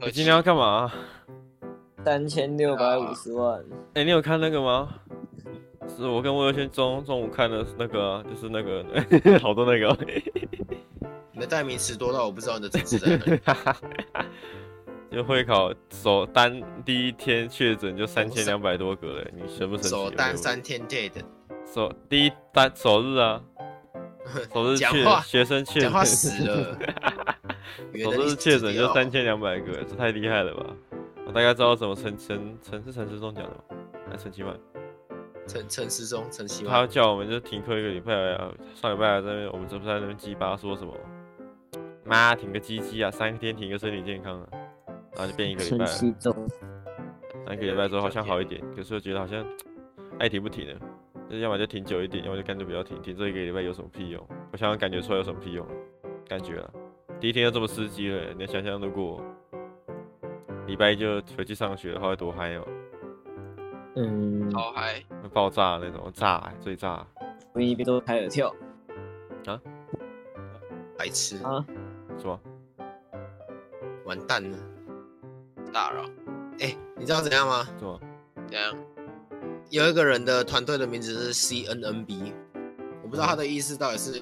你今天要幹嘛、啊？三千六百五十萬。哎、啊欸，你有看那個嗎？ 是我跟魏有軒中中午看的那個、啊，就是那個 好多那個、啊。 你的代名詞多到我不知道你的職責在哪裡。就 會考首單第一天確診就三千兩百多個了，你成不成奇？首單三天 d 的。首第一單首日啊，首日去 學生去，講話死了。 總之是確診，的就三千兩百個，這太厲害了吧！我大概知道什麼陳陳陳是陳時中講的嗎？還陳其邁，陳陳時中，陳其邁。他叫我們就停課一個禮拜、啊，上禮拜在那邊，我們就不在那邊雞巴說什麼。嗎？停個雞雞啊！三天停個身體健康啊，然後就變一個禮拜了。陳時中，個禮拜之後好像好一點，欸、可是又覺得好像愛停不停的，那要麼就停久一點，要麼就乾脆不要停。停這一個禮拜有什麼屁用？我想想感覺出來有什麼屁用，感覺了。第一天就這麼刺激了，你要想象如果禮拜一就回去上學的話，會多嗨哦、喔！嗯，好嗨，會爆炸那種炸最炸，我一邊都開了跳啊，啊，白痴啊，什麼完蛋了，打擾。哎、欸，你知道怎樣嗎？怎麼？怎樣？有一個人的團隊的名字是 CNNB，、嗯、我不知道他的意思到底是。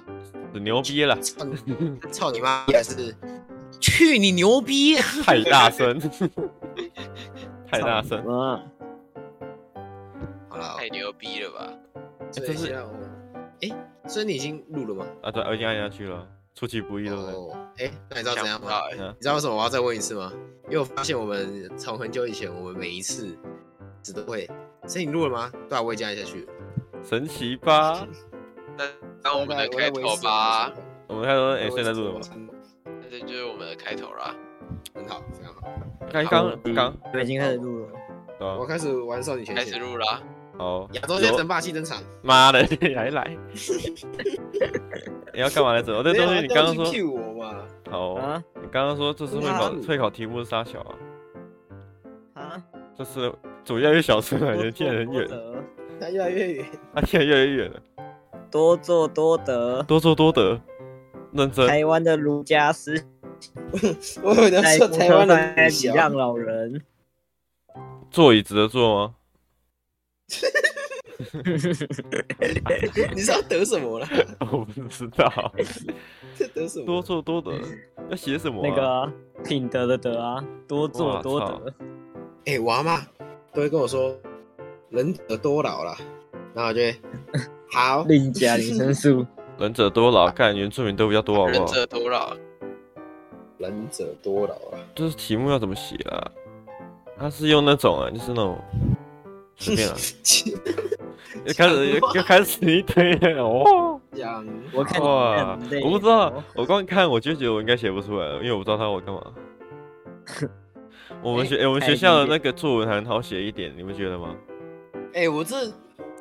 牛逼了！操你媽！也是，去，去，去，去你牛逼了！太大聲， 太大聲！好了、哦，太牛逼了吧？欸、這是、欸……所以你已經錄了嗎？啊對，我已經按下去了，出其不意了。哦、呃，哎、欸，你知道怎樣嗎？欸、你知道為什麼我要再問一次嗎？因為我發現我們從很久以前，我們每一次，只都會所以你錄了嗎？對啊，我也按下去了，神奇吧？那我們來開頭吧，我,我們開頭誒，現在錄了嗎？那、欸、就是我們的開頭了，很好，很好。剛剛剛已經開始錄了對，我開始玩少女前線，開始錄了，好。亞洲先生霸氣登場，媽、喔、的，來來。 你要幹嘛來着？我、 喔、這東西你剛剛說，好，你剛剛說這次會考會考題目是沙小啊？啊？剛剛這次主要越小車啊，感覺見很遠，他越來越遠，他現在越來越遠了。多做多得，多做多得，認真。台灣的儒家思 我有的說台灣那些禮讓老人，座椅值得坐嗎？ 你知道得什麼了？ 我不知道，這 得什麼？多做多得，要寫什麼、啊？那個品德的德啊，多做多得。哎、欸，我媽都會跟我說，人得多老了，然後就。 好，另加零分數，仁者多勞。看原住民都比較多好不好？仁、啊、者多勞。仁者多勞啊！就是題目要怎麼寫啊？他是用那種啊，就是那種，隨便啊。又 開始又開始一堆哦我你，哇！我不知道，我光看我就覺得我應該寫不出來，因為我不知道他要我幹嘛。 我們學、欸欸、我們學校的那個作文還好寫一點，你們覺得嗎？哎、欸，我這。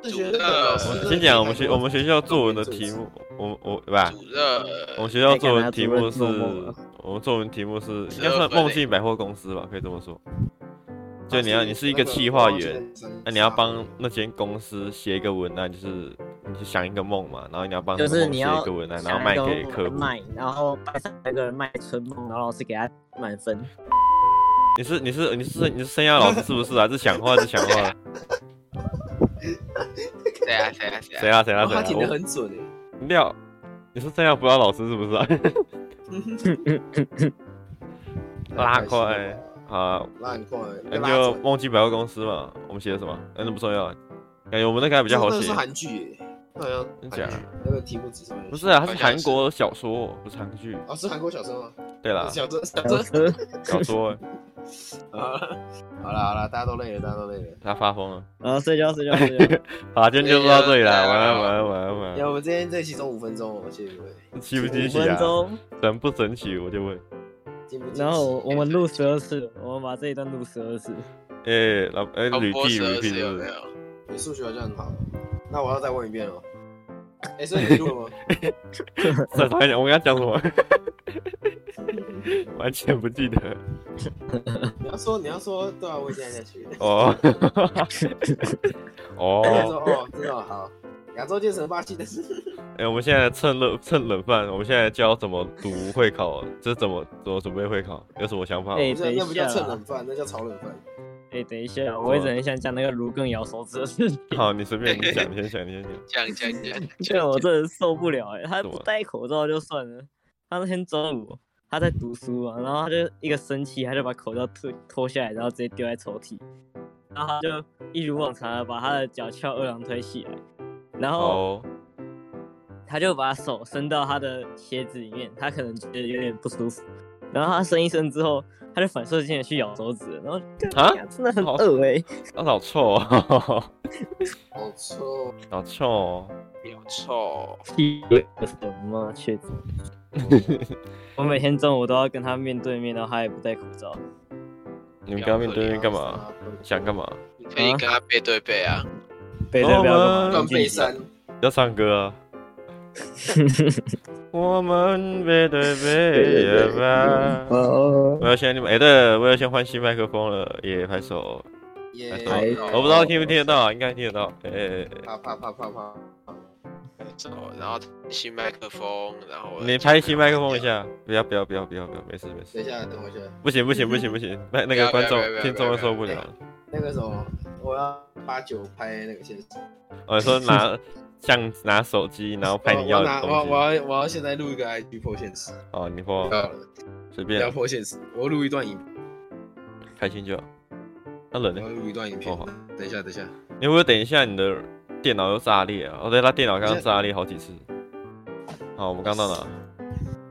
我們、呃、先講我們學我們學校作文的題目，我我，對吧，我們學校作文題目是，我們作文題目是應該算夢境百貨公司吧，可以這麼說。就你要你是一個企劃員，那、啊、你要幫那間公司寫一個文案，就是你想一個夢嘛，然後你要幫就是你寫一個文案，然後賣給客戶、就是、賣，然後派三個人賣春夢，然後老師給他滿分 你。你是你是你是你是生涯老師是不是、啊？還是想畫就想畫？ 誰啊誰啊誰啊誰啊！啊啊啊哦、他挺的很準耶料，你是真要輔導老師是不是、啊 拉塊？ 拉開啊，欸、拉啊，那就夢境百貨公司嘛。我們寫的什麼？欸、那不重要。感、欸、覺我們那個還比較好寫。其實那是韓劇耶，好像韓，真假的。那我要跟你講，那個題目指什麼？不是啊，它是韓國小說，不是韓劇。啊、哦，是韓國小說嗎？對啦，小說，小說，小說。 小說欸。啊，好了好了，大家都累了，大家都累了，他發瘋了，然 後、啊、睡覺睡覺好，今天就錄到這裡了，晚、欸、安，晚安，晚安、欸。我要問，要不今天這期中五分鐘我去問，吸不進、啊、分鐘整不整起我就問，然後我們錄十二次、欸，我們把這一段錄十二次。哎老哎女地蛇有你數、呃、學好像很好，那我要再問一遍了。哎、欸，所以你錄了麼？再 講我跟他講什麼？完 全不記得。你要說，你要說多少位教練下去 oh. Oh.？哦，哦，哦，知道了。好，亞洲健神霸氣的。哎、 欸，我們現在趁熱趁冷飯，我們現在教怎麼讀會考，這、就是、怎麼怎麼準備會考？有什麼想法嗎、欸？那那不叫趁冷飯，那叫炒冷飯。哎、欸，等一下，我一直很想講那個盧更咬手指的事。好，你隨便你講，你先講，你先講，講講講。就我這人受不了、欸，他不戴口罩就算了，他那天中午他在讀書嘛，然後他就一個生氣，他就把口罩脫脫下來，然後直接丟在抽屜，然後他就一如往常的把他的腳翹二郎腿起來，然後、哦、他就把手伸到他的鞋子裡面，他可能覺得有點不舒服，然後他伸一伸之後。他就反射性的去咬手指，然後啊，真的很惡哎、欸，他、啊、好臭啊呵呵，好臭，好臭，好臭，什麼、哦？我每天中午都要跟他面對面，然後他也不戴口罩。你們跟他面對面幹嘛？你啊、你想幹嘛？你可以跟他背對背啊，啊背對背，換要唱歌啊。 我們背對背吧，對對對。我要先你們，哎，對我要先換新麥克風了。也、yeah, 拍，拍手，拍手，我不知道聽不聽得到，應該聽得到。呃，啪啪啪啪啪。拍手，然後新麥克風，然後你拍新麥克風一下。不要不要不要不要不要，沒事沒事。等一下，等我一下。不行不行不行不行，那 那個觀眾聽眾受不了，了、哎、那個什麼，我要八九拍那個牽手。我、哦、說拿。 像拿手機，然後拍你要的。我要拿我我我我要現在錄一個 IG 破現實。哦，你說。隨便。要破現實，我錄一段影。開心就好。那冷的。要錄一段影片，哦。等一下，等一下。你會不會等一下你的電腦又炸裂啊？哦對，他電腦剛剛炸裂好幾次。好，我們剛到哪？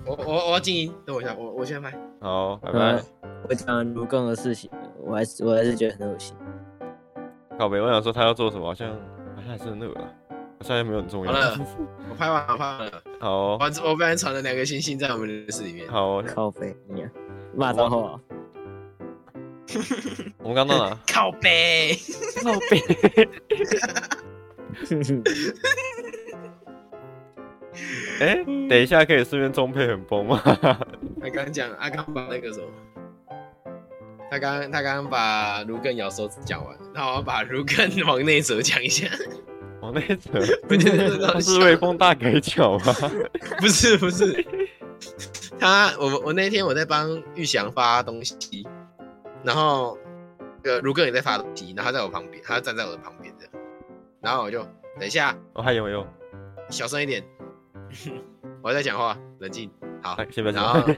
我我我要靜音，等我一下，我我先拍。好，拜拜。呃，我講錄更的事情，我還是我還是覺得很惡心。靠北，我想說他要做什麼，好像好像，哎，還是那個。我現在沒有這麼我拍完了，拍了。好、哦，我我這邊藏了兩個星星在我們電視裡面。好、哦，靠北，馬上好。我， 我們剛到哪？靠北， 靠背北。誒 、欸，等一下可以順便裝配很崩嗎？ 他剛講，他剛把那個什麼，他剛他剛把盧更咬手指講完，那我把盧更往內折講一下。 我、哦、那天 是大腳嗎？ 不是不是，他我我那天我在幫玉祥發東西，然後呃如、這個、哥也在發東西，然後他在我旁邊，他站在我的旁邊這樣，然後我就等一下，我、哦、還有沒有？小聲一點，我在講話，冷靜，好，先不要。然後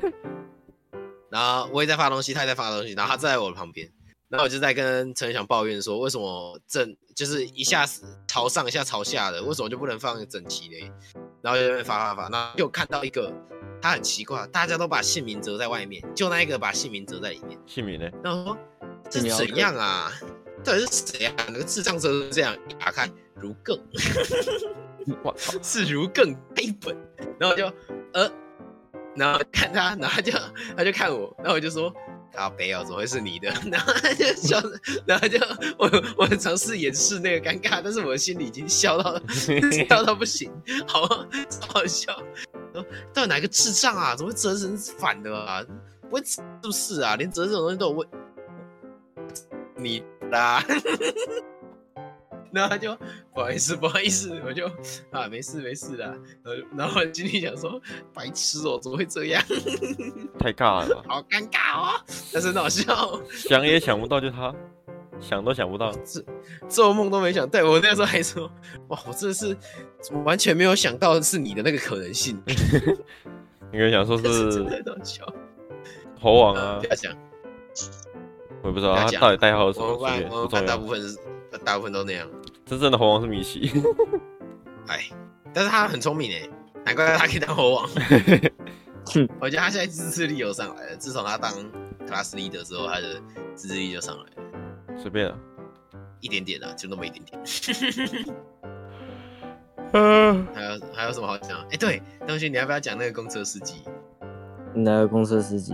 然後我也在發東西，他也在發東西，然後他站在我的旁邊，然後我就在跟陳翔抱怨說為什麼正。就是一下子朝上，一下朝下的，為什麼就不能放整齊嘞？然後就發發發，然後又看到一個，他很奇怪，大家都把姓名折在外面，就那一個把姓名折在裡面。姓名呢？然後我說這怎樣啊？到底是誰啊？那個智障者都這樣，一打開如更， 哇，是如更黑本。然後就呃，然後看他，然後他就他就看我，然後我就說。啊，沒有、哦，怎麼會是你的？ 然後他就笑，然後就我，我嘗試掩飾那個尷尬，但是我的心裡已經笑到笑到不行，好，好笑。到底哪個智障啊？怎麼折成反的啊？不會是不是啊？連折這種東西都有問你啦。 然後他就不好意思，不好意思，我就啊，沒事沒事的，呃，然後心裡想說，白痴哦，怎麼會這樣， 太尬了，好尷尬哦，但是好笑，想也想不到就他， 想都想不到，不是做夢都沒想，對，我那時候還說，哇，我真的是完全沒有想到是你的那個可能性， 應該想說是， 是真的猴王啊、嗯不要想，我也不知道不他到底代號是什麼不，不重要，大部分是。大部分都那樣。真正的猴王是米奇。哎， 但是他很聰明哎，難怪他可以當猴王。 我覺得他現在自制力有上來了，自從他當 class leader 之後，他的自制力就上來了。隨便啊，一點點啊，就那麼一點點。嗯、 啊。還有還有什麼好講？哎、欸，對，東旭，你要不要講那個公車司機？哪個公車司機？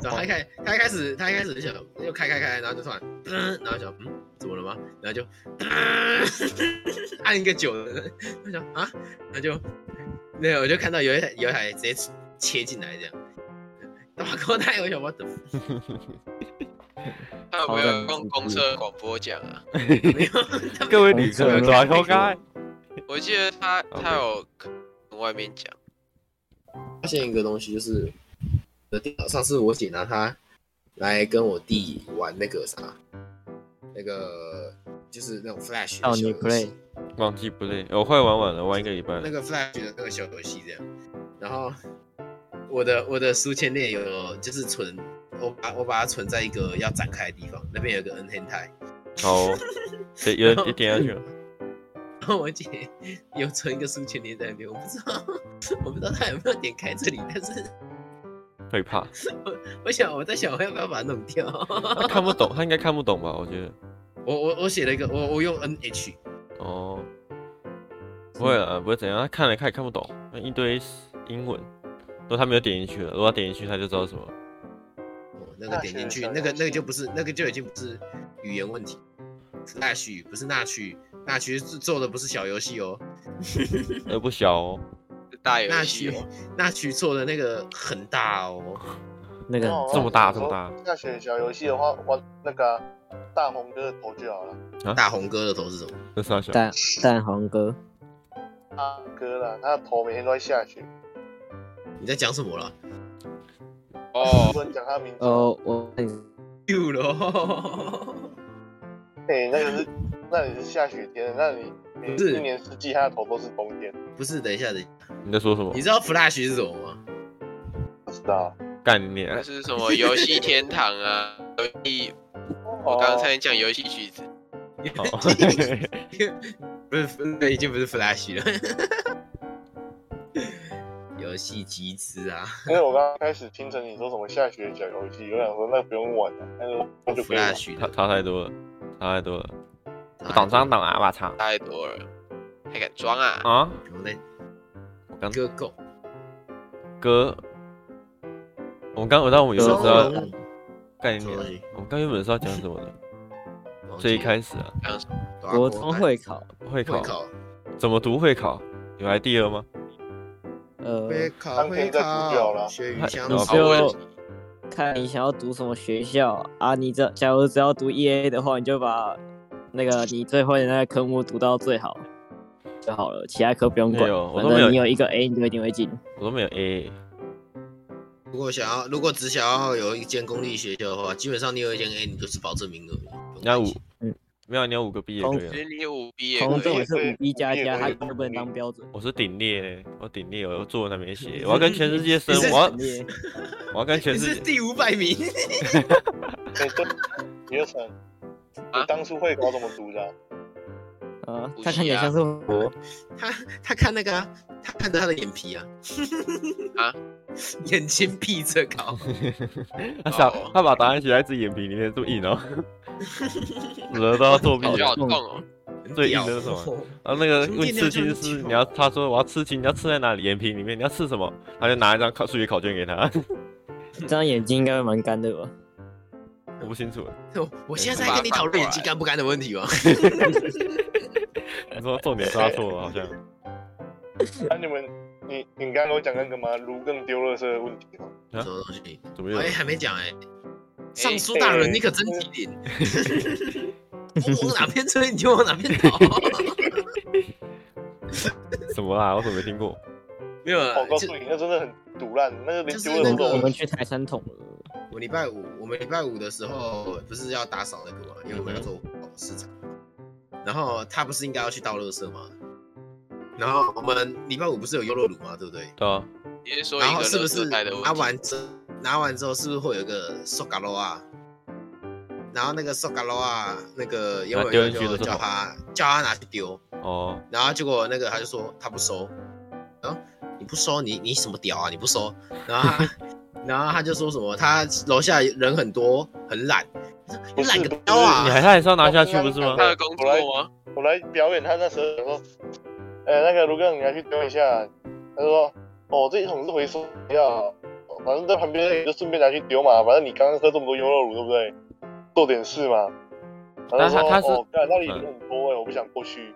他開，他一開始，他一開始想又開，開開開，然後就突然，噔然後就，嗯，怎麼了嗎？然後就，噔按一個九，他想啊，那就，那我就看到有一台，有一台直接切進來這樣，大哥，他有想我懂， 他有沒有公公，公車廣播講啊？ 各位旅客，大家，我記得他，他有跟外面講，okay. 發現一個東西就是。電腦上次我姐拿它來跟我弟玩那個啥，那個就是那種 Flash，oh, 忘記不累，我、oh, 壞玩完了，玩一個禮拜。那個 Flash 的那個小遊戲這樣，然後我的我的書籤鏈有就是存，我把我把它存在一個要展開的地方，那邊有個 N-Hentai。哦、oh. 然後，對，有點下去了。我姐有存一個書籤鏈在那邊，我不知道我不知道她有沒有點開這裡，但是。害怕，我，我想我在想我要不要把它弄掉。 他看不懂，他應該看不懂吧？我覺得，我我我寫了一個，我我用 N H 哦，不會了，不會怎樣？他看了，他也看不懂，那一堆英文。如果他沒有點進去的，如果他點進去他就知道什麼。哦，那個點進去，那個那個就不是，那個就已經不是語言問題。是 N H 不是 N H，N H 是做的不是小遊戲哦， 那不小哦。哦、那曲那曲做的那個很大哦，那個這麼大這麼大。麼大下雪小遊戲的話，我、嗯、那個大紅哥的頭就好了。啊、大紅哥的頭是什麼？這小蛋蛋黃哥。啊、哥啦，他的頭每天都在下雪。你在講什麼啦？哦，你講他的名字哦，我丟哦。哦、欸。那裡那個是， 那裡是下雪天，那裡。不是一年四季，他的頭都是冬天。不是，等一下，等一下。你在說什麼？你知道 Flash 是什麼嗎？不知道。概念那是什麼遊戲天堂啊？遊 戲，我剛剛差點講遊戲集資。你好， 不是，那已經不是 Flash 了。遊 戲集資啊！因為我剛剛開始聽成你說什麼下雪小遊戲，我想說那不用玩，啊但是那就我 Flash，了，那就 Flash。差差太多了，差太多了。不懂裝懂啊！我操，太多了，還敢裝啊！啊！我剛哥，哥，我們剛剛，我們有啥概念？我們剛原本是要講什麼的？這、嗯、一開始啊，我國中會考，會考，怎麼讀會考？有 idea 嗎？呃，會考，會考，學語講的。你就看你想要讀什麼學校啊？你這假如只要讀 E A 的話，你就把。那個你最後的那個科目讀到最好就好了，其他科不用管，沒有，我都沒有。反正你有一個 A 你就一定會進。我都沒有 A。如果想要，如果只想要有一間公立學校的話，基本上你有一間 A 你就是保證名額。你有五、嗯，沒有？你有五個 B 也可以。我你有五 B，保證我是五 B 加加，它就不能當標準。我是頂列，我頂列，我要作文那邊寫，我要跟全世界生，我列， 我要跟全世界。你是第五百名。你就蠢。你當初會雄中怎麼讀的、啊？啊，他看眼睛這麼他他看那個、啊，他看着他的眼皮啊， 啊，眼睛閉着搞？ 他想、哦、他把答案寫在自己眼皮裡面，注意哦，死了都要作弊，最硬的是什麼？啊，那個問刺青師，你要他說我要刺青，你要刺在哪裡？眼皮裡面，你要刺什麼？他就拿一張考數學考卷給他， 這張眼睛應該會蠻乾的吧？我不清楚。我現在在跟你討論眼睛乾不乾的問題嗎？你 說重點抓錯了，好像。那、啊、你們，你你剛剛跟我講那個嗎？盧更丟了是問題嗎？什麼東西？哎、哦欸，還沒講哎、欸。尚書大人，欸欸、你可真機靈。欸、 我往哪邊吹，你就往哪邊倒。 什麼啦？我怎麼沒聽過？沒有。我告訴你，那真的很賭爛，那個連丟了都……就是、我們去台山捅我禮拜五，我們禮拜五的時候不是要打掃那個嗎？因為我們要做市場，嗯、然後他不是應該要去倒垃圾嗎？然後我們禮拜五不是有優酪乳嗎？對不對？對、啊。然後是不是拿完，的拿完之，拿完之後是不是會有個 sogalo 啊？然後那個 sogalo 啊，那個優酪乳就叫他叫他拿去丟。哦、啊。然後結果那個他就說他不收，然後你不收你你什麼屌啊？你不收，然後他。 然後他就說什麼，他樓下人很多，很懶。你懶個彪啊！你，啊是你還他還要拿下去不是嗎？他，他，他的我來，我來表演。他那時候說，哎、欸，那個盧哥，你來去丟一下、啊。他說，哦，這一桶是回收料，反正在旁邊就順便拿去丟嘛。反正你剛剛喝這麼多優酪乳，對不對？做點事嘛。然後說但他說，哦，那裡人很多、欸，哎、嗯，我不想過去。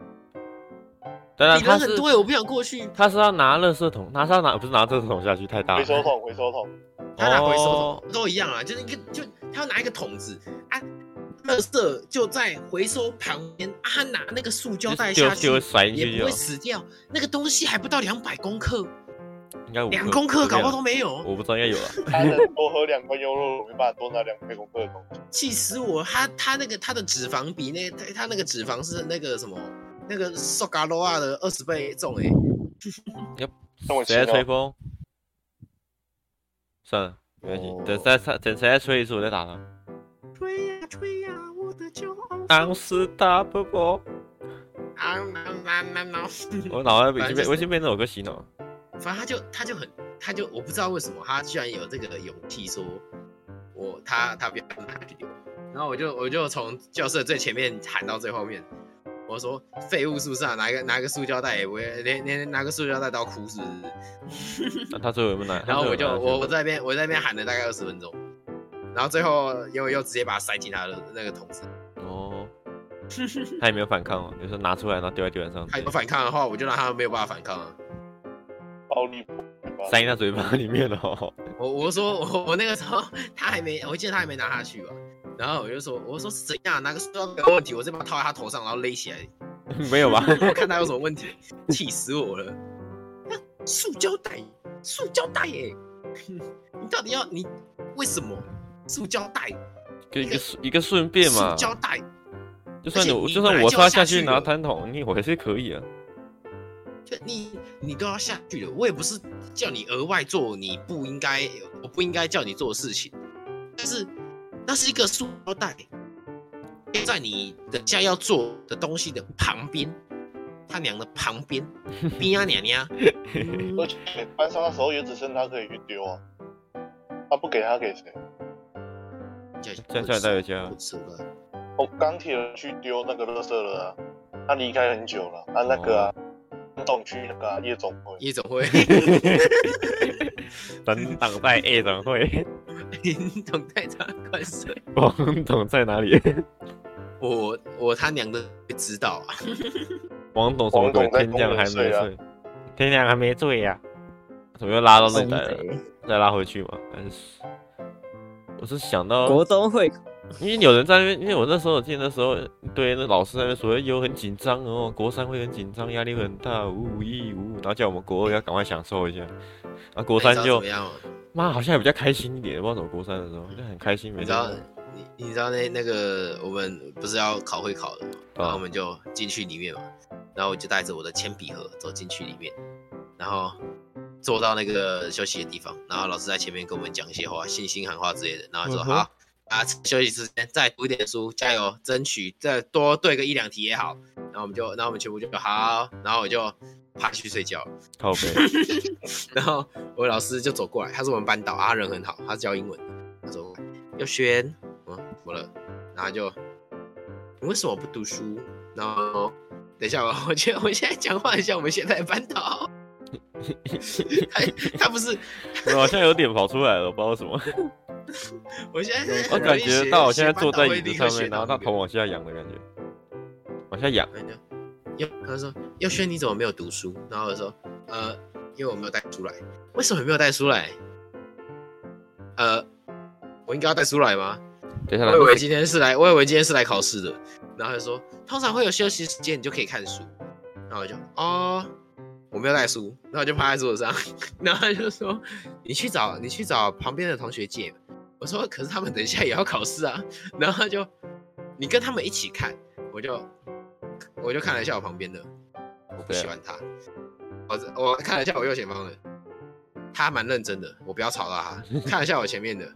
對啊，人很多，我不想過去。他是，他是要拿垃圾桶，拿上拿不是拿垃圾桶下去，太大了。回收桶，回收桶。他拿回收桶都一樣啊，oh. 就是一個就，就他要拿一個桶子啊，樂色就在回收旁邊啊，他拿那個塑膠袋下去，也甩進去，也不會死掉。那個東西還不到兩百公克，應該兩公克，搞不好都沒有。我，有我不知道應該有啊。能多喝兩罐優酪乳， 沒辦法多拿兩百公克的東西，氣死我！他他那個他的脂肪比那他他那個脂肪是那個什麼那個瘦嘎羅 a 的二十倍重要、欸、我，直接吹風。算了，沒關係，哦。等再等，誰再吹一次，我再打他。吹呀吹呀，我的驕傲。當時打不過。啊，媽媽媽，媽，媽。我腦袋已經被微微信被那首歌洗腦了。反正他就他就很他就我不知道為什麼他居然有這個勇氣說，我他他不要打他。然後我就我就從教室的最前面喊到最後面。我說，廢物是不是啊？拿一個拿一個塑膠袋，我也連連拿個塑膠袋都要哭死。那他最後沒拿，然後我就我我在那邊我在那邊喊了大概二十分鐘，然後最後又又直接把他塞進他的那個桶子。哦，他也沒有反抗哦，有時候拿出來然後丟在地板上。他有反抗的話，我就讓他沒有辦法反抗。暴力。塞他嘴巴裡面了哦我！我我說我我那個時候他還沒，我記得他還沒拿下去吧？然後我就說我說誰怎樣拿個塑膠袋有問題，我這邊套在他頭上，然後勒起來，沒有吧？ 我看他有什麼問題，氣死我了！ 塑膠袋，塑膠袋耶！你到底要你為什麼塑膠袋？一個一個順便嘛，塑膠袋。就算你你就，就算我他下去拿彈桶，你我還是可以啊。你你都要下去了，我也不是叫你額外做，你不應該，我不應該叫你做的事情。但是那是一個塑料袋，貼在你等下要做的東西的旁邊，他娘的旁邊，冰啊娘娘。 而且搬上的時候也只剩他可以去丟啊，他不給他，他給誰？撿在在家。不是，我，鋼鐵人去丟那個垃圾了啊，他離開很久了，他、啊、那個啊。哦東去那個、啊、夜總會，夜總會， 等等待夜總會，董隊長快睡，王董在哪裡？ 我我他娘的不知道啊！ 王董什麼鬼？啊、天亮還沒睡天亮還沒睡呀、啊啊？怎麼又拉到那來了,了？再拉回去吧。還是我是想到國東會。因為有人在那邊，因為我那時候我記得那時候，對，那老師在那邊說：“會很緊張哦，國三會很緊張，壓力會很大，五五一五五。”然後叫我們國二要趕快享受一下，啊，國三就，哎、怎麼樣媽好像還比較開心一點，不知道怎麼國三的時候就很開心沒你沒你。你知道，你你知道那那個我們不是要考會考的嘛，哦？然後我們就進去裡面嘛，然後我就帶着我的鉛筆盒走進去裡面，然後坐到那個休息的地方，然後老師在前面跟我們講一些話，信心喊話之類的，然後就說好。嗯啊！休息時間再讀一點書，加油，爭取再多對個一兩題也好。然後我們就，然後我們全部就說好，然後我就爬去睡覺。好、okay. ，然後我老師就走過來，他是我們班導啊，人很好，他是教英文。他說我：要學？嗯，怎麼了？然後就你為什麼不讀書？然後等一下我覺得我現在講話一像我們現在班導。 他他不是我好像有點跑出來了， 我不知道為什麼。 我現在、欸，我感覺到我現在坐在椅子上面，我現在在上面，然後他頭往下仰的感覺，往下仰。然後他說：“軒，你怎麼沒有讀書？”然後我就說：“呃，因為我沒有帶書來。”為什麼沒有帶書來？呃，我應該要帶書來嗎下來？我以為今天是來，我以為今天是來考試的。然後他說：“通常會有休息時間，你就可以看書。”然後我就：“哦，我沒有帶書。”然後我就趴在桌子上。然後他就說：“你去找，你去找旁邊的同學借。”我說：“可是他們等一下也要考試啊。”然後他就，你跟他們一起看，我就，我就看了一下我旁邊的，我不喜歡他。我我看了一下我右前方的，他蠻認真的，我不要吵到他。看了一下我前面的，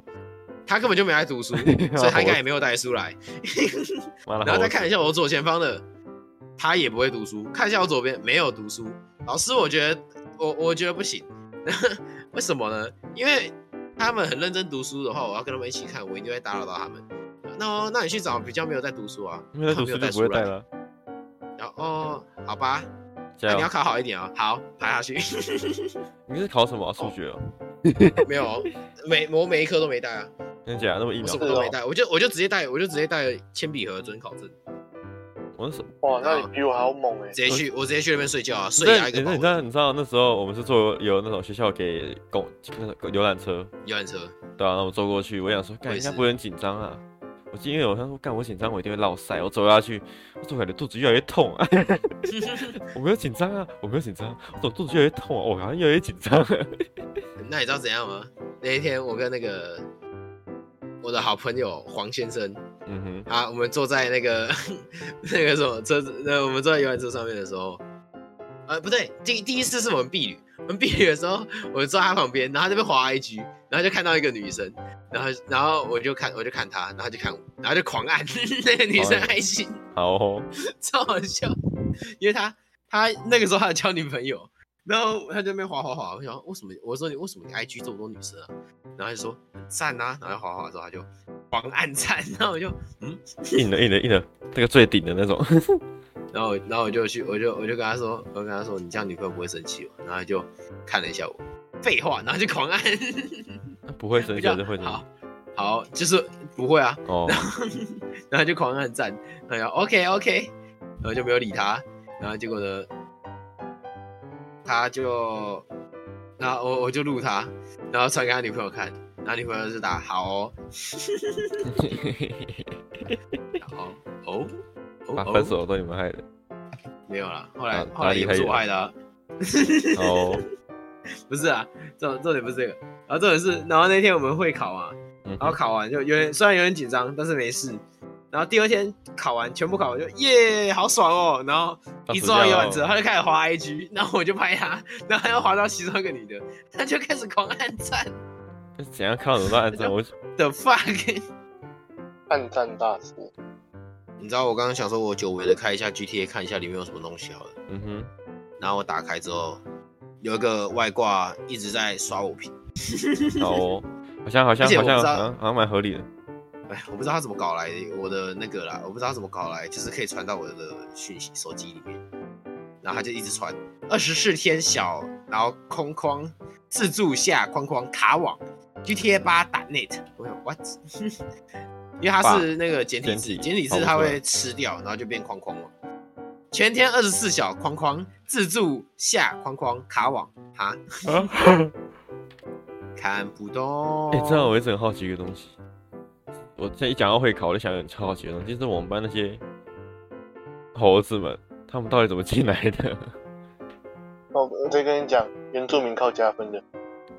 他根本就沒在讀書，所以他應該也沒有帶書來。然後再看了一下我左前方的，他也不會讀書。看一下我左邊沒有讀書。老師，我覺得我我覺得不行，為什麼呢？因為。他們很認真讀書的話，我要跟他們一起看，我一定會打擾到他們。那哦，那你去找比較沒有在讀書啊，沒有在讀書就不會帶了。然後哦，好吧，啊，你要考好一點啊，哦，好排下去。你是考什麼？啊。數學，啊哦。 沒有，哦，每我每一科都沒帶啊。真的假的？那麼一秒鐘都沒帶？我就我就直接帶，我就直接帶鉛筆盒准考證。哇，那你比我好猛耶！直接去，我直接去那邊睡覺啊。睡啊！你知道你知道，你知道，你知道那時候我們是坐有那種學校給公那個遊覽車，遊覽車對啊，我坐過去。我想說，幹人家不會很緊張啊。我因為我想說幹我緊張，我一定會落賽。我走下去，我突然感覺肚子越來越痛啊。 啊。我沒有緊張啊，我沒有緊張，我怎麼肚子越來越痛啊，我好像越來越緊張，啊。 那你知道怎樣嗎？那一天我跟那個我的好朋友黃先生。嗯、哼啊，我們坐在那個那個什麼車子，那我們坐在遊覽車上面的時候，呃，不對，第第一次是我們畢旅，我們畢旅的時候，我坐在他旁邊，然後他這邊滑 IG，然後就看到一個女生，然後然後我就看我就看她，然後就看我，然後就狂按 那個女生愛心，好，好哦，超好笑，因為他他那個時候還在交女朋友，然後他那邊滑滑滑，我想為什麼，我說你為什麼你 IG 這麼多女生啊，然後他就說很讚啊，然後就滑滑之後他就。狂按讚，然後我就嗯，硬了硬了硬了，那個最頂的那種。然後然後我就去，我就我就跟他說，我跟他說，你這樣女朋友不會生氣哦，然後就看了一下我，廢話，然後就狂按。嗯、不會生氣就會，好會。好，好，就是不會啊。Oh. 然後 然後就狂按讚，他就 OK、OK，然後就沒有理他。然後結果呢，他就，然後我我就錄他，然後傳給他女朋友看。男女朋友是打好哦，哦， 哦，把分手都你們害的，沒有了，後來後來也是我害的，哦，不是啊，重重點不是這個，然後重點是，然後那天我們會考嘛、啊，然後考完就有點，雖然有點緊張，但是沒事。然後第二天考完，全部考完就耶，好爽哦。然後一坐上椅子，他就開始滑 IG，然後我就拍他，然後他要滑到其中一個女的，他就開始狂按贊。怎樣我照我 我 就 The 看怎麼辦？我的 fuck 混大錯。你知道我剛剛想說，我久違的開一下 GTA，看一下裡面有什麼東西。好了，嗯哼，然後我打開之後，有一個外掛一直在刷我屏，好哦，好像好像 好像，好像，好，像好像蠻合理的。哎，我不知道他怎麼搞來的，我的那個啦，我不知道他怎麼搞來，就是可以傳到我的訊息手機裡面，然後他就一直傳，二十四天小，然後框框自助下框框卡網。GTA 8打 net，what？ 因為它是那個簡體字，8. 簡體字它會吃掉、哦，然後就變框框了。全天二十四小框框，自助下框框卡網啊， 看不懂。哎、欸，正好我一直很好奇一個東西，我這一講到會考，我就想很好奇的東西，就是我們班那些猴子們，他們到底怎麼進來的？我再跟你講，原住民靠加分的。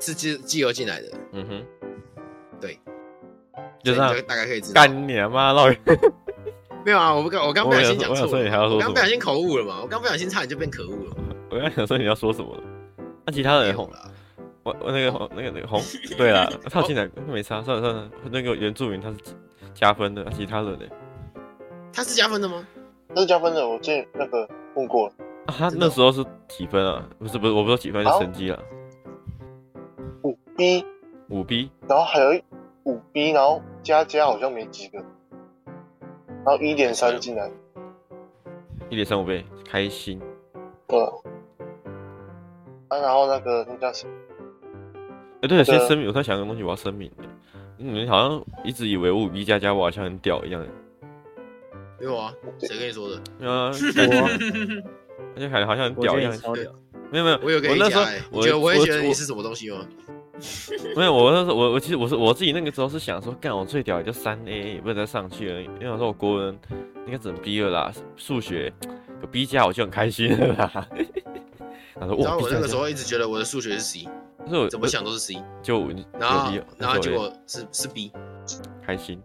是自自由進來的，嗯哼，對，就是大概可以知道。就是、幹你媽、啊，老友？ 沒有啊，我不剛我剛不小心講錯了，我剛不小心口誤了嘛。我剛不小心差點就變口誤了。我剛想說你要說什麼了？那、啊、其他人也哄了？我我那個、哦、那個那個紅，對啊，他進來沒差，算了算了，算了，那個原住民他是加分的，啊、其他人呢？他是加分的嗎？他是加分的，我記得那個問過了、啊。他那時候是幾分啊？不是不是，我不知道幾分，就成績。了。B，五 B，然後還有五 B，然後加加好像沒幾個，然後一點三進來了，一點三五倍，開心。對啊，然後那個那叫什麼？哎、欸，對、那、了、個，先聲明，我他想要的東西我要聲明、嗯、你們好像一直以為我五 B 加加我好像很屌一樣。沒有啊，誰跟你說的？啊，我感、啊、覺 好像很屌一樣屌。沒有沒有，我有跟你講，我我，我也覺得你是什麼東西嗎？ 沒有，我那時候我我其實我是我自己那個時候是想說，幹我最屌也就三 A，也不會再上去了。因為我說我國文應該只能 B 二啦，數學有 B 加我就很開心了啦。他 說我那個時候一直覺得我的數學是 C，但是我我我就是怎麼想都是 C，就然後然後結果是是 B，開心。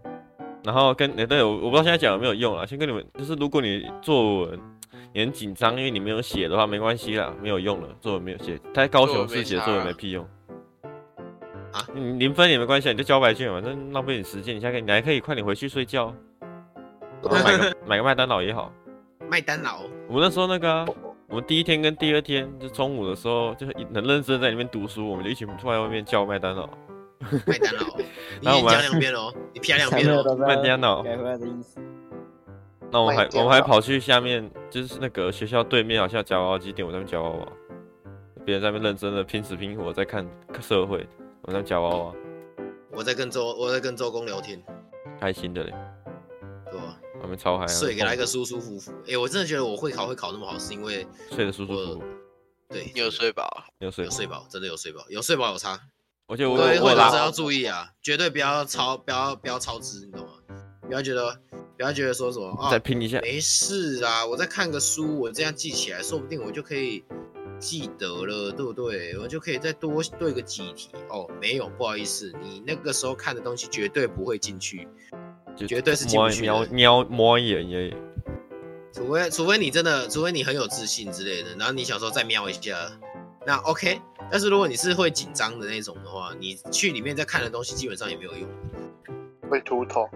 然後跟誒對，我我不知道現在講有沒有用啊，先跟你們就是如果你作文你很緊張，因為你沒有寫的話沒關係啦，沒有用了，作文沒有寫，他在高雄是寫作文、啊、作文沒屁用。啊、嗯，零分也沒關係，你就交白卷嘛，反正浪費你時間。你還可以，你還可以快點回去睡覺。買個麥當勞也好。麥當勞。我們那時候那個、啊，我們第一天跟第二天就中午的時候，就很認真在裡面讀書，我們就一起坐在外面叫麥當勞。麥當勞。那 我們講兩遍哦，你拼兩遍哦，麥當勞。那我還，我們還跑去下面，就是那個學校對面，好像夾娃娃機店，我在那邊夾娃娃。別人在那邊認真的拼死拼活在看社會。我在夾娃娃，我在跟周我在跟周公聊天，開心的嘞，對吧？外面超嗨，睡給他一個舒舒服服。哎、哦欸，我真的覺得我會考會考那麼好，是因為睡得舒舒服服。對，對你有睡飽，有睡有睡飽，真的有睡飽，有睡飽有差。我覺得我大家要注意啊，絕對不要超不要不要超支，你懂嗎？不要覺得不要覺得說什麼啊，再拼一下，哦、沒事啊，我再看個書，我這樣記起來，說不定我就可以。記得了，對不對？我就可以再多對個幾題哦。沒有，不好意思，你那個時候看的東西絕對不會進去，絕對是進不去。瞄瞄，瞄一眼耶。除非除非你真的，除非你很有自信之類的，然後你小時候再瞄一下，那 OK。但是如果你是會緊張的那種的話，你去裡面再看的東西基本上也沒有用。會禿頭。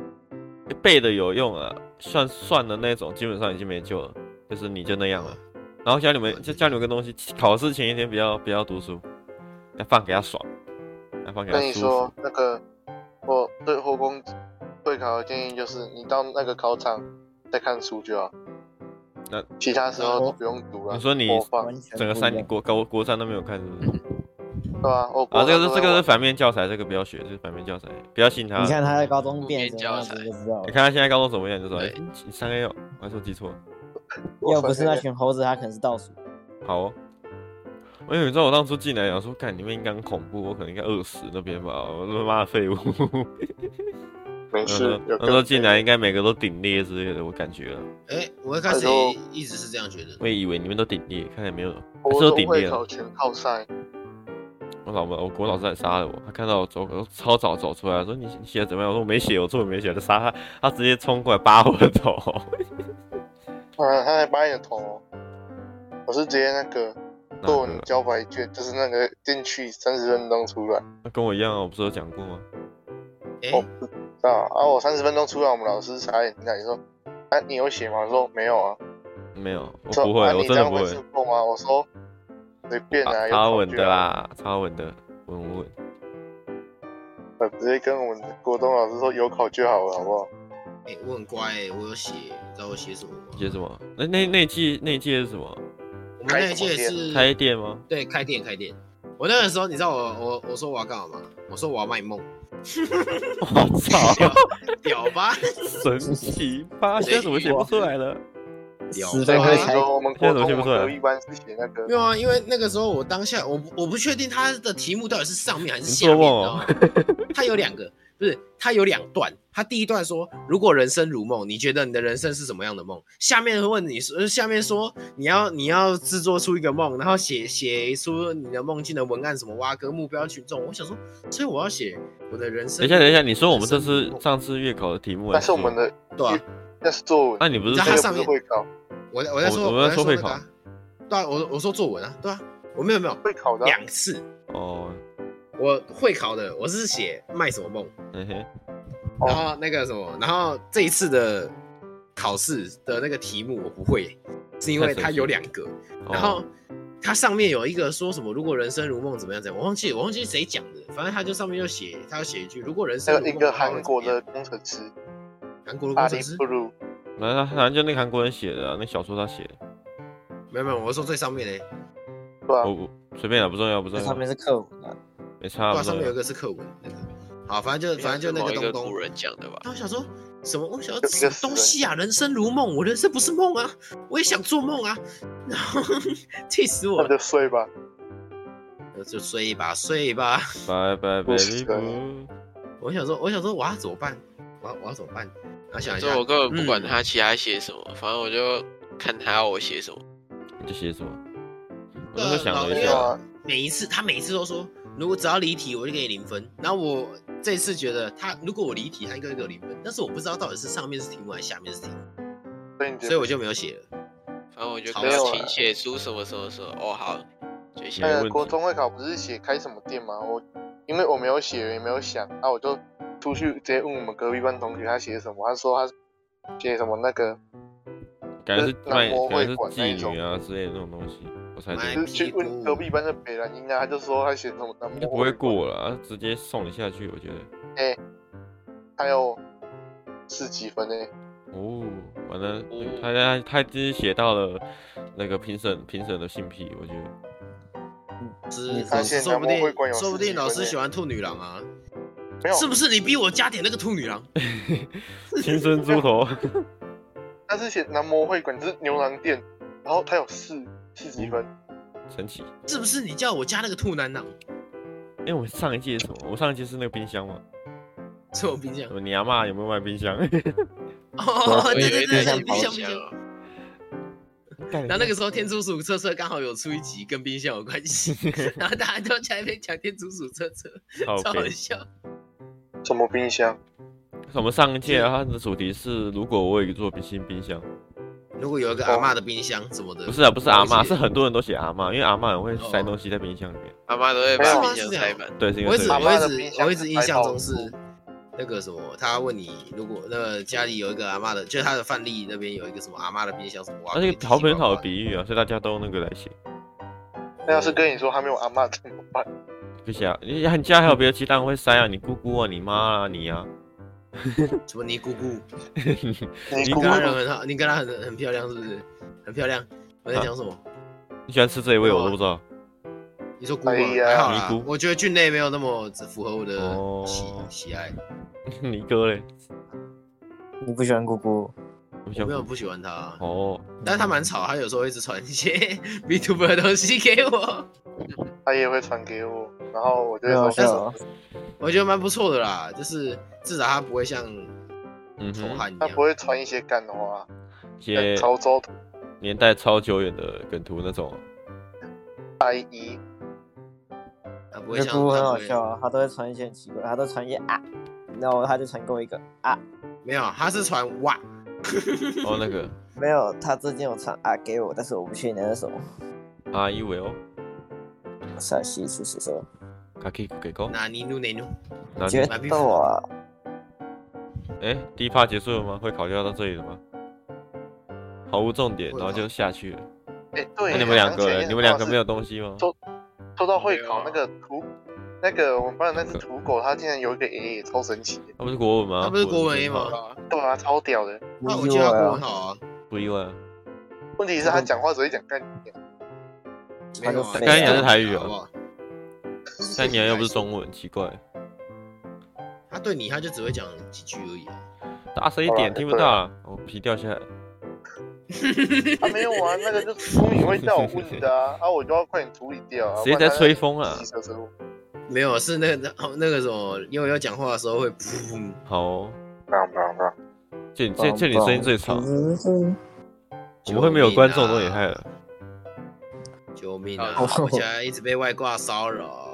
背的有用啊，算算的那種基本上已經沒救了，就是你就那樣了。嗯然後教你們，教你們個東西，考試前一天不要不要讀書，要放給他爽，讓放給他舒服。跟你說那個，我對後宮會考的建議就是，你到那個考場再看書就好，那其他時候都不用讀了。你說你整個三年國高國三都沒有看是，不是、嗯？對啊，我啊這個是這個是反面教材，這個不要學，這、就是反面教材，不要信他。你看他在高中變什教材，你看他現在高中怎麼樣就知道你三個六，我還說記錯了？又不是那群猴子，他可能是倒數。好、哦，我、欸、為你知道我當初進來講說，看你們應該很恐怖，我可能應該餓死那邊吧，我都媽的廢物。 沒事，他說，進來應該每個都頂裂之類的，我感覺了。哎、欸，我一開始一直是這樣覺得，我以為你們都頂裂，看來沒有？是都是頂裂。全靠賽。我老婆，我國老師在殺了我，他看到我走超早走出來，他說你你寫的怎麼樣？我說我沒寫，我作文沒寫。他殺他，他直接衝過來扒我的頭。 啊！他還掰你的頭、哦，我是直接那個作文交白卷、啊，就是那個進去三十分鐘出來。那、啊、跟我一樣、啊，我不是有講過嗎？哦，知、欸、道啊！我三十分鐘出來，我們老師才在說，哎、啊，你有寫嗎？我說沒有啊，沒有，我不會，說啊、我真的不會。會啊、我說隨便啦、啊，超穩、啊啊、的啦，超穩的，穩不穩？我、啊、直接跟我們國棟老師說有考就好了，好不好？哎、欸，我很乖哎、欸，我有寫，你知道我寫什麼嗎？寫什麼？欸、那那一季那一季那一季是什麼？什麼我們那屆是開店嗎？對，開店開店。我那個時候，你知道我我我說我要幹嘛嗎？我說我要賣夢。我操，屌吧！神奇吧？ 現在怎麼寫不出來了？所以開始說我們現在怎麼寫不出來。我一般是寫那個。對啊，因為那個時候我當下我我不確定他的題目到底是上面還是下面、哦哦、 他有兩個。是，他有兩段，他第一段說，如果人生如夢，你覺得你的人生是什麼樣的夢？下面會問你，下面說你要你要制作出一個夢，然後寫寫出你的夢境的文案，什麼挖哥目標群眾。我想說，所以我要寫我的人生。等一下，等一下，你說我們這是上次月考的題目還是？但是我們的對、啊，那是作文，那、啊啊、你不是說上次會考？我在、哦、我在說、啊，我在說會考，對啊，我我說作文啊，對啊，我沒有沒有會考的兩次哦。我會考的，我是寫賣什麼夢，嗯、然後那個什麼，哦，然後這一次的考試的那個題目我不會，是因為它有兩個，嗯、然後它上面有一個說什麼，如果人生如夢怎麼樣怎麼樣，哦，我忘記我忘記誰講的，反正它就上面要寫，它要寫一句如果人生如夢。這個，一個韓國的工程師，韓國的工程師，反正就那韓國人寫的那小說他寫，沒有沒有，我說最上面的，不，不，隨便了，啊，不重要不重要，最上面是課沒差吧，上面有一個是課文、那個，好，反正就反正就那個東東古人講的吧。然後想說什麼？我想要什麼東西啊？人生如夢，我人生不是夢啊！我也想做夢啊！嗯、然後氣死我了！那就睡吧，那就睡吧，睡吧。拜拜拜拜。我想說，我想說我我，我要怎麼辦？我我要怎麼辦？他想一下。所以，我根本不管他其他寫什麼、嗯，反正我就看他要我寫什麼，我就寫什麼。我就時想了一下，每一次他每一次都說。如果只要離題，我就給你零分。然後我這次覺得他，如果我離題，他應該給我零分。但是我不知道到底是上面是題目還是下面是題目。所以，所以我就沒有寫了。反正我覺得可。沒有請寫出什麼什麼什麼。哦，好。就那個國中會考不是寫開什麼店嗎？我因為我沒有寫，也沒有想，那、啊、我就出去直接問我們隔壁班同學他寫什麼，他說他寫什麼那個，賣男模會館那一種。啊之類的這種東西。我才對是去問隔壁班的北蘭英啊，他就說他寫什麼男模，就不會過了，他直接送你下去。我覺得，哎、欸，還有四幾分呢。哦，反正、嗯、他他他直接寫到了那個評審評審的性癖，我覺得，發、嗯、現，說不定說不定老師喜歡兔女郎啊，嗯、沒有是不是你逼我加點那個兔女郎？青 春春豬頭 ，他是寫男模會館 是牛郎店，然後他有四。七十一分，神奇。是不是你叫我加那個兔男郎？哎、欸，我上一季是什麼？我上一季是那個冰箱嗎？是我冰箱。你阿嬤有沒有賣冰箱？ 什麼 哦對對對，冰箱冰箱。冰箱冰箱 然後那個時候天竺鼠車車剛好有出一集跟冰箱有關係， 然後大家都在那邊講天竺鼠車車，超好笑。什麼冰箱？什麼上一季它、啊、 的主題是如果我有一座新冰箱。如果有一個阿媽的冰箱、嗯、什麼的，不是啊，不是阿媽，是很多人都寫阿媽，因為阿媽很會塞東西在冰箱裡面。哦、阿媽都會把冰箱塞滿，對，是因為阿媽的我一直，我一直印象中是那個什麼，他問你，如果那個家裡有一個阿媽的，就他的範例那邊有一個什麼阿媽的冰箱什麼啊？那個好很好的比喻啊，所以大家都那個來寫。那要是跟你說他沒有阿媽怎麼辦？不行啊，你家還有別的其他人會塞啊？你姑姑啊，你媽啊，你啊？ 什麼尼姑姑？尼姑人很好，尼姑她很很漂亮，是不是？很漂亮。我在講什麼、啊？你喜歡吃這一味，我都不知道。哦啊、你說姑姑還、哎、好、啊尼姑，我覺得俊內沒有那麼符合我的喜、哦、喜愛。你哥嘞？你不喜歡姑姑？我沒有不喜歡他。哦。但是他蠻吵，他有時候一直傳一些 B 站的東西給我。他也會傳給我，然後我就說笑。我覺得蠻不錯的啦，就是至少他不會像海，嗯哼，他不會傳一些梗、啊、的話，一些超周年代超久遠的梗圖那種。哎 -E，你，你姑很好笑啊，他都會傳一些很奇怪，他都傳一些啊，然後他就傳過一個啊，沒有，他是傳哇。 哦，那個 沒有，他最近有傳啊給我，但是我不確定那是什麼。Are you will？陝、啊、西是誰說？他可以給夠。哪裡努哪尼。啊、欸！哎，第一趴結束了嗎？會考就要到這裡了嗎？毫無重點，然後就下去了。哎、欸，對。那你們兩個，你們兩個沒有東西嗎？抽、欸、到會考那個土，那個我們班那只土狗，它竟然有一個 A，超神奇。它不是國文嗎？它不是國文 A 嗎？對啊，超屌的。那我記他國文好啊。不意外、啊。問題是他講話只會講概念。沒有、啊，他剛剛講的是台語哦、啊。看你還又不是中文，奇怪。他對你，他就只會講幾句而已。大聲一點，聽不到啊！我皮掉下來。他、 啊、沒有啊，那個就故意會叫我混的啊， 啊，我就要快點處理掉啊。誰、啊、在吹風啊？沒有，是那個那那個什麼，因為要講話的時候會砰。好、哦，棒棒棒！這這裡聲音最吵，怎麼、啊、會沒有觀眾？都厲害了！救命啊！我現在一直被外掛騷擾。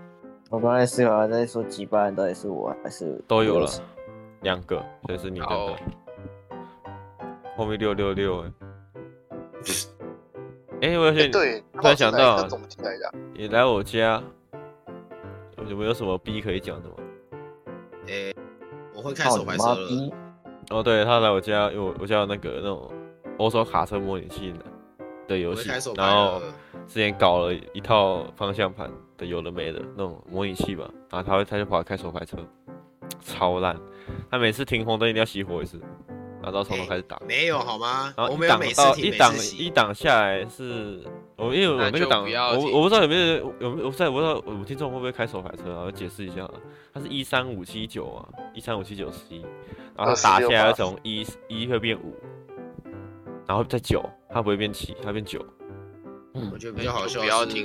我剛才是好像在說幾班到底是我還是都有了？兩個，所以是你，哦？後面六六六。哎、 欸，我突然，欸、想到，你來我家，有沒有什麼逼可以講的嗎？哎、欸，我會開手牌車了。哦，對他來我家，因為我我家有那個那種歐洲卡車模擬器的的遊戲，然後。之前搞了一套方向盤的，有的沒的那種模擬器吧，然後他他他就跑來開手排車，超爛。他每次停紅燈一定要熄火一次，然後從頭開始打。欸，沒有好嗎？然後一檔一檔一檔下來是，我因為我沒有個那個檔我我不知道有沒有有沒有在我不知道有有我知道有有聽眾會不會開手排車啊？我解釋一下啊，它是一三五七九啊，一三五七九十一，然後打下來從一一會變五，然後再九，它不會變七，它變九。嗯、我覺得比較好笑的是我覺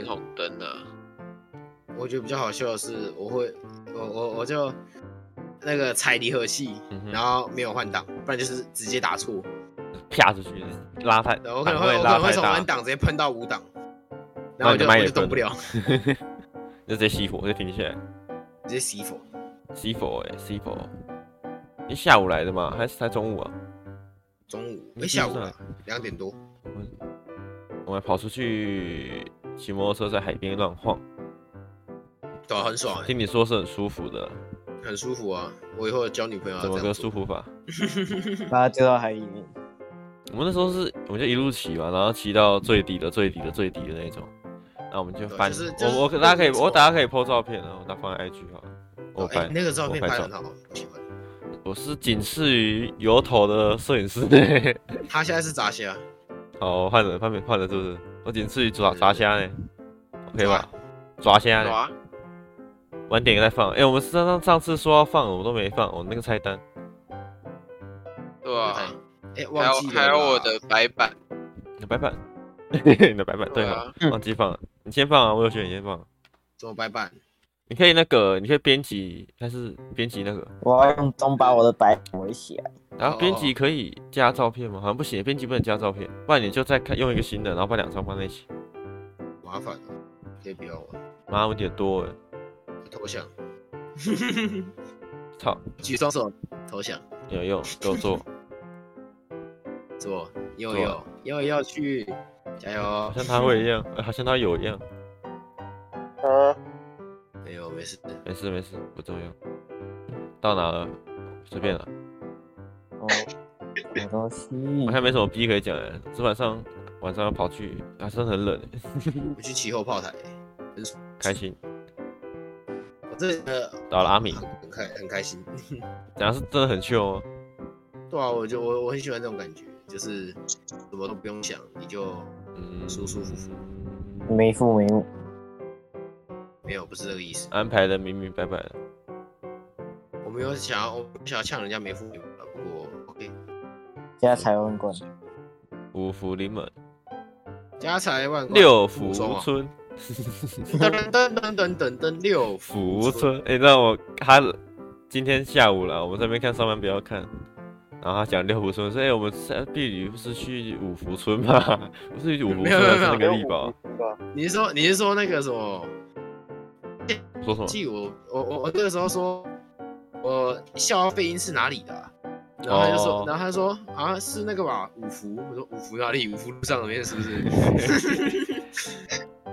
得比較好笑的是，我會，我我我就那個踩離合器、嗯，然後沒有換擋，不然就是直接打錯，啪出去，拉太，我可能會拉我可能會從三檔直接噴到五檔，然後我就買就動不了，直接熄火就停起來，直接熄火，熄火哎，熄火，你、欸欸、下午來的嗎？還是在中午啊？中午沒、欸、下午、啊，兩點多。我我們還跑出去騎摩托車在海邊亂晃，對、啊，很爽、欸。聽你說是很舒服的，很舒服啊！我以後交女朋友怎麼個舒服法？大家接到海裡面。我們那時候是，我們就一路騎嘛，然後騎到最底的、最底的、最底的那種。那我們就翻，就是就是、我、就是、我大家可以，我打家可以 PO 照片啊，打放在 IG 好了。哦、我拍、欸，那個照片拍得很好，我喜歡。我是僅次於油頭的攝影師、欸。他現在是咋寫啊？哦，換了，方便換了是不是？我僅次於抓抓蝦呢，OK 吧？抓蝦呢？晚點再放。哎、欸，我們上上上次說要放，我們都沒放，我、哦、那個菜單。對啊，哎、欸，忘記還有我的白板。白板，你的白板， 你的白板對啊對，忘記放了、嗯。你先放啊，我有選，你先放。做白板？你可以那個，你可以編輯，開始編輯那個。我要用中把我的白板。然後編輯可以加照片嗎？Oh. 好像不行，編輯不能加照片。不然你就再看用一個新的，然後把兩張放在一起。麻煩可以不要玩。麻煩有點多欸。投降。操！ 舉雙手投降。有用，給我做。做， 又有，又要去加油。好像他會一樣， 欸、好像他有一樣。啊？沒有，沒事沒事沒事，不重要。到哪了？隨便了。 我看沒什麼逼可以講的。這晚上晚上要跑去，還是很冷 我是。我去旗後砲台，很開心。我這打了阿米，很開很開心。然後是真的很秀哦。對啊，我就我我很喜歡這種感覺，就是什麼都不用想，你就舒舒服服。沒父沒母。沒有，不是這個意思。安排的明明白白的。我沒有想要，我不想要嗆人家沒父沒母。家財萬貫，五福臨門。家財萬貫，六福村。噔噔噔噔噔噔，六福村。誒、欸，那我他今天下午了，我們這邊看上班，不要看。然後他講六福村，說：“哎、欸，我們弟必不是去五福村嗎？ 不是去五福村的、啊、那個禮包。”你是說你是說那個什麼？說什麼？記我我我我那個時候說，我笑傲飛鷹是哪裡的、啊？然後他就說，oh. 然後他就說啊，是那個吧？五福，我說五福哪裡？五福、啊、路上那邊是不是？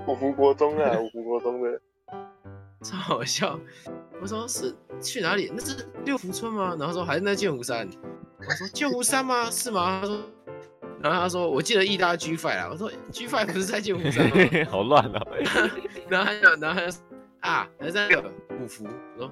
五 福國中啊，五福國中的，超好笑。我說是去哪裡？那是六福村嗎？然後他說還是那劍湖山。我說劍湖山嗎？是嗎？然後他說，然後他就說我記得一大家居 i 啊。我說居 f 不是在劍湖山好亂啊。然後還有，然後還有啊，還是那個五福說。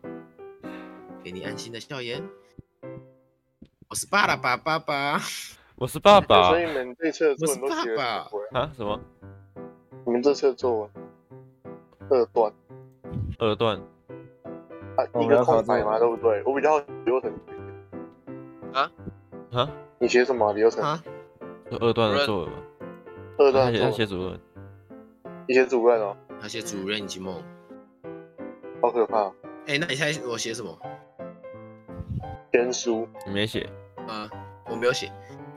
給你安心的笑顏。我是爸爸吧，爸爸，我是爸爸。所以你們這次的作文都、啊、是爸爸啊？什麼？你們這次作文二段。二段。啊，哦、一個空白嘛、啊啊，對不對？我比較流程。啊？啊？你寫什麼、啊、流程？啊？二段的作文二段他寫他寫、啊、主任。你寫主任哦。他寫主任及夢。好可怕、啊欸。那你猜我寫什麼？天書沒寫，啊、嗯，我沒有寫，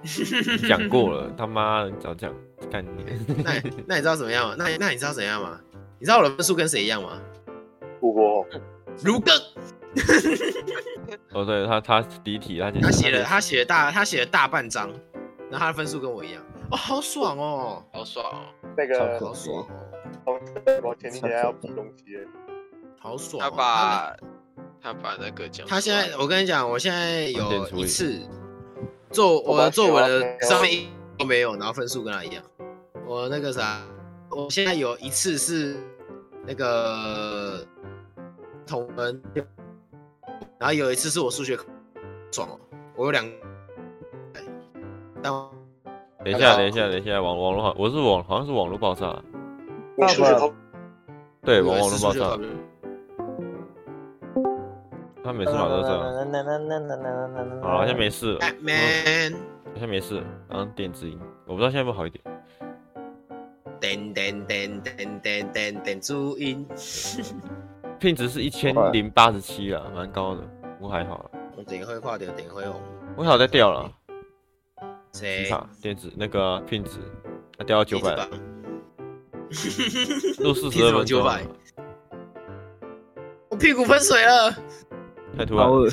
講 過了，他媽早講概念。看你 那你那你知道怎麼樣嗎？那你那你知道怎樣嗎？你知道我的分數跟誰一樣嗎？我、哦嗯，如哥。哦、 oh,，對他他離題，他寫了他，他寫了大他寫了大半張，然後他的分數跟我一樣，哦，好爽哦，好爽哦，那個爽爽天天爽好爽哦，我我天天要拼東西，好爽，要把。他把那個講，他現在我跟你講，我現在有一次作，我的作文的上面都沒有，然後分數跟他一樣。我那個啥，嗯、我現在有一次是那個同分，然後有一次是我數學爽了，我有兩。等一下，等一下，等一下，網網絡好，我是網好像是網絡爆炸，我數學對網網絡爆炸。每次碼都是、啊啊，好像沒事，好像沒事。嗯，電子音，我不知道現在不好一點。電子音，品、嗯、值是一千零八十七啊，蠻高的，我還好了。等會化掉，等會紅。我好像在掉了，洗卡電子那個品值，它、啊、掉到九百。哈哈四十二九百。我屁股噴水了。 太突然了好，哦哦了、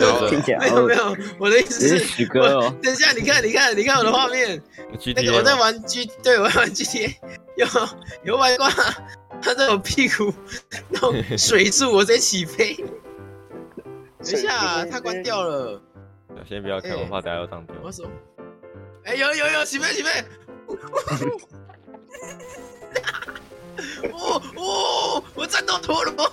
哦哦，沒有沒有，我的意思是，是哦、等一下你看你看你看我的畫面，嗯、那個我在玩狙，對，我在玩狙。T，有有外掛，他在我屁股弄水柱，我在起飛， 等一下他、啊、關掉了、欸，先不要看，我怕等下要上頭、欸。我說，哎、欸、有有有起飛起飛，哦哦，哦，我戰鬥陀螺。